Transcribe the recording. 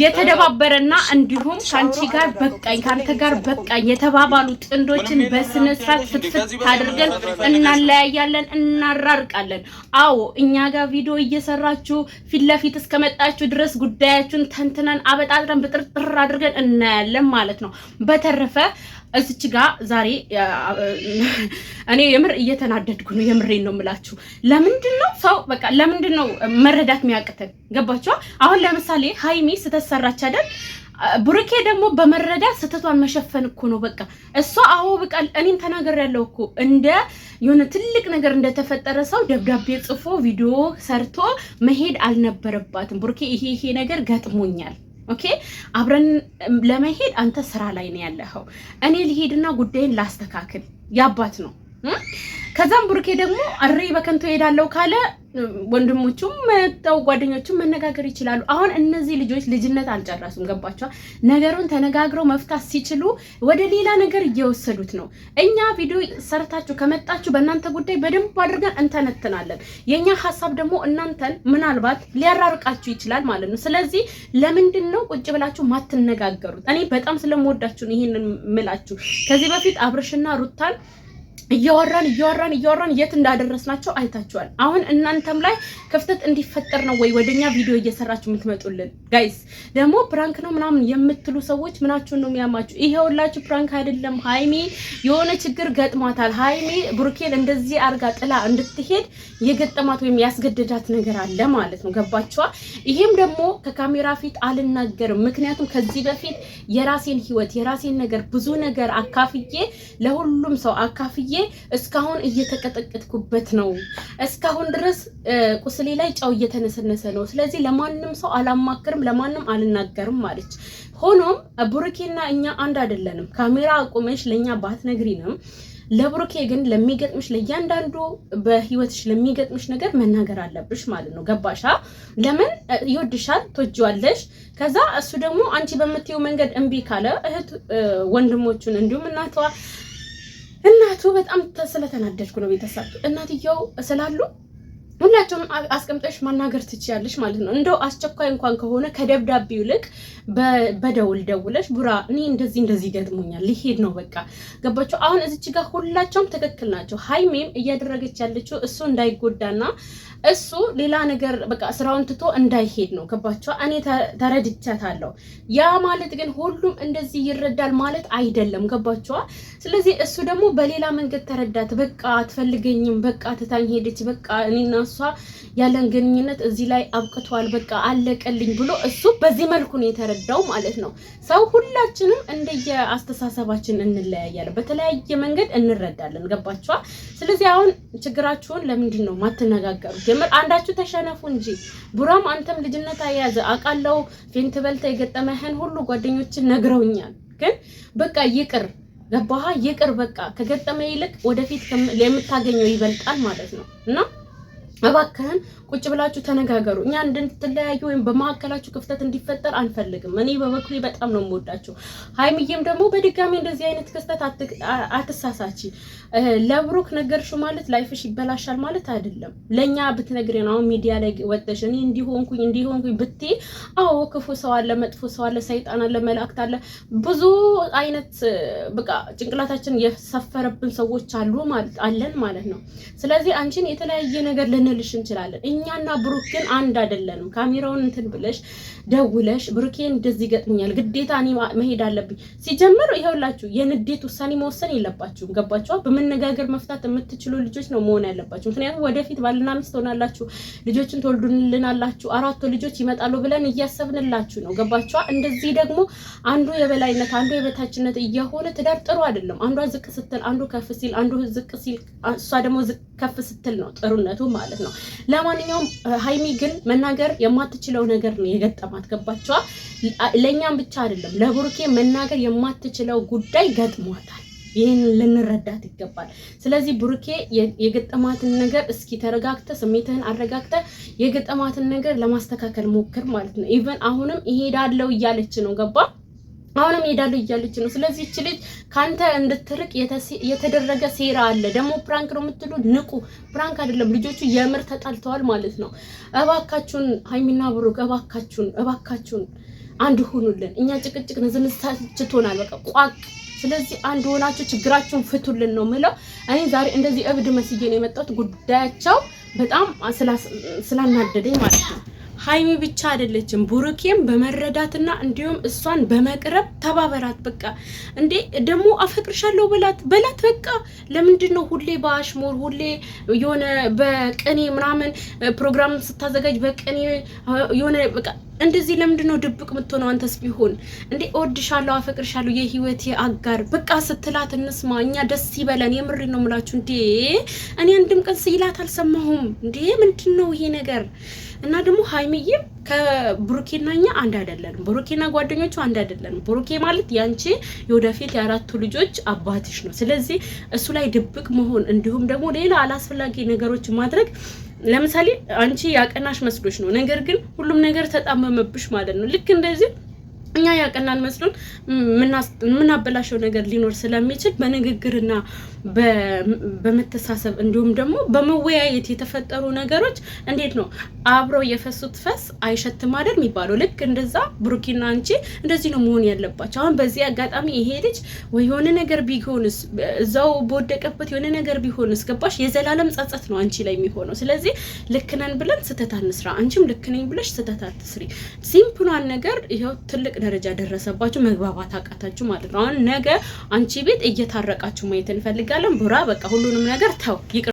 የተደባበረና እንዲሁም ከአንቺ ጋር በቃኝ ከአንተ ጋር በቃኝ የተባባሉ ጥንዶችን በስነ ስርዓት ፍትፍት አድርገን እናለያያለን፣ እናራርቃለን። አዎ እኛ ጋር ቪዲዮ እየሰራችሁ ፊት ለፊት እስከመጣችሁ ድረስ ጉዳያችሁን ተንትነን አበጣጥረን ብጥርጥር አድርገን እናያለን ማለት ነው። በተረፈ እዚች ጋ ዛሬ እኔ የምር እየተናደድኩ ነው። የምሬን ነው የምላችሁ። ለምንድን ነው ሰው በቃ ለምንድን ነው መረዳት የሚያቅተን? ገባችኋ? አሁን ለምሳሌ ሀይሚ ስተሰራች አይደል? ብሩኬ ደግሞ በመረዳት ስህተቷን መሸፈን እኮ ነው። በቃ እሷ አዎ በቃ እኔም ተናገር ያለው እኮ እንደ የሆነ ትልቅ ነገር እንደተፈጠረ ሰው ደብዳቤ ጽፎ ቪዲዮ ሰርቶ መሄድ አልነበረባትም። ብሩኬ ይሄ ይሄ ነገር ገጥሞኛል ኦኬ አብረን ለመሄድ አንተ ስራ ላይ ነው ያለኸው፣ እኔ ልሄድና ጉዳይን ላስተካክል። ያባት ነው ከዛም ቡርኬ ደግሞ እሬ በከንቱ እሄዳለሁ ካለ ወንድሞቹም መጣው ጓደኞቹም መነጋገር ይችላሉ። አሁን እነዚህ ልጆች ልጅነት አልጨረሱም። ገባቸዋ ነገሩን ተነጋግረው መፍታት ሲችሉ ወደ ሌላ ነገር እየወሰዱት ነው። እኛ ቪዲዮ ሰርታችሁ ከመጣችሁ በእናንተ ጉዳይ በደንብ አድርገን እንተነትናለን። የእኛ ሀሳብ ደግሞ እናንተን ምናልባት ሊያራርቃችሁ ይችላል ማለት ነው። ስለዚህ ለምንድን ነው ቁጭ ብላችሁ ማትነጋገሩት? እኔ በጣም ስለምወዳችሁ ይህንን ምላችሁ ከዚህ በፊት አብርሽና ሩታን እያወራን እያወራን እያወራን የት እንዳደረስናቸው አይታችኋል። አሁን እናንተም ላይ ክፍተት እንዲፈጠር ነው ወይ ወደኛ ቪዲዮ እየሰራችሁ የምትመጡልን? ጋይስ ደግሞ ፕራንክ ነው ምናምን የምትሉ ሰዎች ምናችሁን ነው የሚያማችሁ? ይሄውላችሁ ፕራንክ አይደለም። ሀይሜ የሆነ ችግር ገጥሟታል። ሀይሜ ብሩኬን እንደዚህ አርጋ ጥላ እንድትሄድ የገጠማት ወይም ያስገደዳት ነገር አለ ማለት ነው። ገባችኋ? ይሄም ደግሞ ከካሜራ ፊት አልናገርም። ምክንያቱም ከዚህ በፊት የራሴን ህይወት የራሴን ነገር ብዙ ነገር አካፍዬ ለሁሉም ሰው አካፍዬ እስካሁን እየተቀጠቀጥኩበት ነው። እስካሁን ድረስ ቁስሌ ላይ ጨው እየተነሰነሰ ነው። ስለዚህ ለማንም ሰው አላማክርም፣ ለማንም አልናገርም አለች። ሆኖም ቡርኬና እኛ አንድ አይደለንም። ካሜራ አቁመሽ ለእኛ ባትነግሪንም ለብሩኬ ግን ለሚገጥምሽ ለእያንዳንዱ በህይወትሽ ለሚገጥምሽ ነገር መናገር አለብሽ ማለት ነው። ገባሻ? ለምን ይወድሻል፣ ትወጂዋለሽ። ከዛ እሱ ደግሞ አንቺ በምትይው መንገድ እምቢ ካለ እህት ወንድሞቹን እንዲሁም እናቷ ሁላችሁ በጣም ስለተናደድኩ ነው ቤተሰብ። እናትየው ስላሉ ሁላቸውም አስቀምጠሽ ማናገር ትችያለሽ ማለት ነው። እንደው አስቸኳይ እንኳን ከሆነ ከደብዳቤው ይልቅ በደውል ደውለሽ ቡራ፣ እኔ እንደዚህ እንደዚህ ገጥሞኛል ሊሄድ ነው በቃ ገባቸው። አሁን እዚች ጋር ሁላቸውም ትክክል ናቸው። ሀይሜም እያደረገች ያለችው እሱ እንዳይጎዳና እሱ ሌላ ነገር በቃ ስራውን ትቶ እንዳይሄድ ነው። ገባችኋ? እኔ ተረድቻታለሁ። ያ ማለት ግን ሁሉም እንደዚህ ይረዳል ማለት አይደለም። ገባችኋ? ስለዚህ እሱ ደግሞ በሌላ መንገድ ተረዳት። በቃ አትፈልገኝም፣ በቃ ትታኝ ሄደች፣ በቃ እኔና እሷ ያለን ግንኙነት እዚህ ላይ አብቅቷል፣ በቃ አለቀልኝ ብሎ እሱ በዚህ መልኩ ነው የተረዳው ማለት ነው። ሰው ሁላችንም እንደየ አስተሳሰባችን እንለያያለን፣ በተለያየ መንገድ እንረዳለን። ገባችኋ? ስለዚህ አሁን ችግራችሁን ለምንድን ነው ማትነጋገሩት? ሲጀምር አንዳችሁ ተሸነፉ እንጂ ቡራም አንተም ልጅነት አያዘ አቃለው ፌንት በልተ የገጠመህን ሁሉ ጓደኞችን ነግረውኛል። ግን በቃ ይቅር ገባሃ? ይቅር በቃ ከገጠመ ይልቅ ወደፊት የምታገኘው ይበልጣል ማለት ነው እና እባክህን ቁጭ ብላችሁ ተነጋገሩ። እኛ እንድትለያዩ ወይም በመካከላችሁ ክፍተት እንዲፈጠር አንፈልግም። እኔ በበኩሌ በጣም ነው የምወዳችሁ። ሀይሚዬም ደግሞ በድጋሚ እንደዚህ አይነት ክስተት አትሳሳቺ። ለብሩክ ነገርሽው ማለት ላይፍሽ ይበላሻል ማለት አይደለም። ለእኛ ብትነግሪን ነው ሚዲያ ላይ ወጥተሽ እኔ እንዲሆንኩኝ እንዲሆንኩኝ ብትይ፣ አዎ ክፉ ሰው አለ፣ መጥፎ ሰው አለ፣ ሰይጣን አለ፣ መላእክት አለ፣ ብዙ አይነት በቃ ጭንቅላታችን የሰፈረብን ሰዎች አሉ አለን ማለት ነው። ስለዚህ አንቺን የተለያየ ነገር ልን ልንልሽ እንችላለን። እኛና ብሩክ ግን አንድ አይደለንም። ካሜራውን እንትን ብለሽ ደውለሽ ብሩኬን እንደዚህ ገጥሞኛል፣ ግዴታ እኔ መሄድ አለብኝ። ሲጀምር ይኸውላችሁ የንዴት ውሳኔ መወሰን የለባችሁም። ገባችኋ? በመነጋገር መፍታት የምትችሉ ልጆች ነው መሆን ያለባችሁ። ምክንያቱም ወደፊት ባልና ሚስት ሆናላችሁ፣ ልጆችን ትወልዱልናላችሁ፣ አራቱ ልጆች ይመጣሉ ብለን እያሰብንላችሁ ነው። ገባችኋ? እንደዚህ ደግሞ አንዱ የበላይነት አንዱ የበታችነት እየሆነ ትዳር ጥሩ አይደለም። አንዷ ዝቅ ስትል አንዱ ከፍ ሲል፣ አንዱ ዝቅ ሲል፣ እሷ ደግሞ ከፍ ስትል ነው ጥሩነቱ ማለት ማለት ነው። ለማንኛውም ሀይሚ ግን መናገር የማትችለው ነገር ነው የገጠማት ገባቸዋ። ለእኛም ብቻ አይደለም ለብሩኬ መናገር የማትችለው ጉዳይ ገጥሟታል። ይህን ልንረዳት ይገባል። ስለዚህ ብሩኬ የገጠማትን ነገር እስኪ ተረጋግተ ስሜትህን አረጋግተ የገጠማትን ነገር ለማስተካከል ሞክር ማለት ነው። ኢቨን አሁንም ይሄዳለው እያለች ነው ገባ አሁንም ሄዳሉ እያለች ነው። ስለዚህ እች ልጅ ካንተ እንድትርቅ የተደረገ ሴራ አለ። ደግሞ ፕራንክ ነው የምትሉ ንቁ። ፕራንክ አይደለም። ልጆቹ የምር ተጣልተዋል ማለት ነው። እባካችሁን ሀይሚና ብሩክ እባካችሁን፣ እባካችሁን አንድ ሆኑልን። እኛ ጭቅጭቅ ንዝንዝታችቶናል። በቃ ቋቅ ስለዚህ አንድ ሆናችሁ ችግራችሁን ፍቱልን ነው ምለው። እኔ ዛሬ እንደዚህ እብድ መስዬ ነው የመጣሁት። ጉዳያቸው በጣም ስላናደደኝ ማለት ነው። ሀይሚ ብቻ አይደለችም፣ ቡሩኬም በመረዳትና እንዲሁም እሷን በመቅረብ ተባበራት። በቃ እንዴ ደግሞ አፈቅርሻለሁ በላት በላት። በቃ ለምንድን ነው ሁሌ በአሽሙር ሁሌ የሆነ በቅኔ ምናምን ፕሮግራም ስታዘጋጅ በቅኔ የሆነ በቃ እንደዚህ ለምንድን ነው ድብቅ የምትሆነው? አንተስ ቢሆን እንዴ እወድሻለሁ፣ አፈቅርሻለሁ፣ የህይወት አጋር በቃ ስትላት እንስማ፣ እኛ ደስ ይበለን። የምሬ ነው የምላችሁ። እንዴ እኔ አንድም ቀን ስይላት አልሰማሁም። እንዴ ምንድን ነው ይሄ ነገር? እና ደግሞ ሀይሚዬም ከብሩኬና እኛ አንድ አይደለንም። ብሩኬና ጓደኞቹ አንድ አይደለንም። ብሩኬ ማለት ያንቺ የወደፊት የአራቱ ልጆች አባትሽ ነው። ስለዚህ እሱ ላይ ድብቅ መሆን እንዲሁም ደግሞ ሌላ አላስፈላጊ ነገሮች ማድረግ ለምሳሌ አንቺ ያቀናሽ መስሎች ነው፣ ነገር ግን ሁሉም ነገር ተጣመመብሽ ማለት ነው። ልክ እንደዚህ እኛ ያቀናን መስሎን የምናበላሸው ነገር ሊኖር ስለሚችል በንግግርና በመተሳሰብ እንዲሁም ደግሞ በመወያየት የተፈጠሩ ነገሮች እንዴት ነው አብረው የፈሱት ፈስ አይሸትም አይደል የሚባለው። ልክ እንደዛ ብሩኪና አንቺ እንደዚህ ነው መሆን ያለባቸው። አሁን በዚህ አጋጣሚ ይሄ ልጅ ወይ የሆነ ነገር ቢሆንስ እዛው በወደቀበት የሆነ ነገር ቢሆንስ ገባሽ? የዘላለም ጸጸት ነው አንቺ ላይ የሚሆነው። ስለዚህ ልክ ነን ብለን ስህተት አንስራ፣ አንቺም ልክ ነኝ ብለሽ ስህተት አትስሪ። ሲምፕሏን ነገር ይኸው ትልቅ ደረጃ ደረሰባችሁ፣ መግባባት አቃታችሁ ማለት ነው። አሁን ነገ አንቺ ቤት እየታረቃችሁ ማየት እንፈልግ እንፈልጋለን። ቡራ በቃ ሁሉንም ነገር ተው ይቅር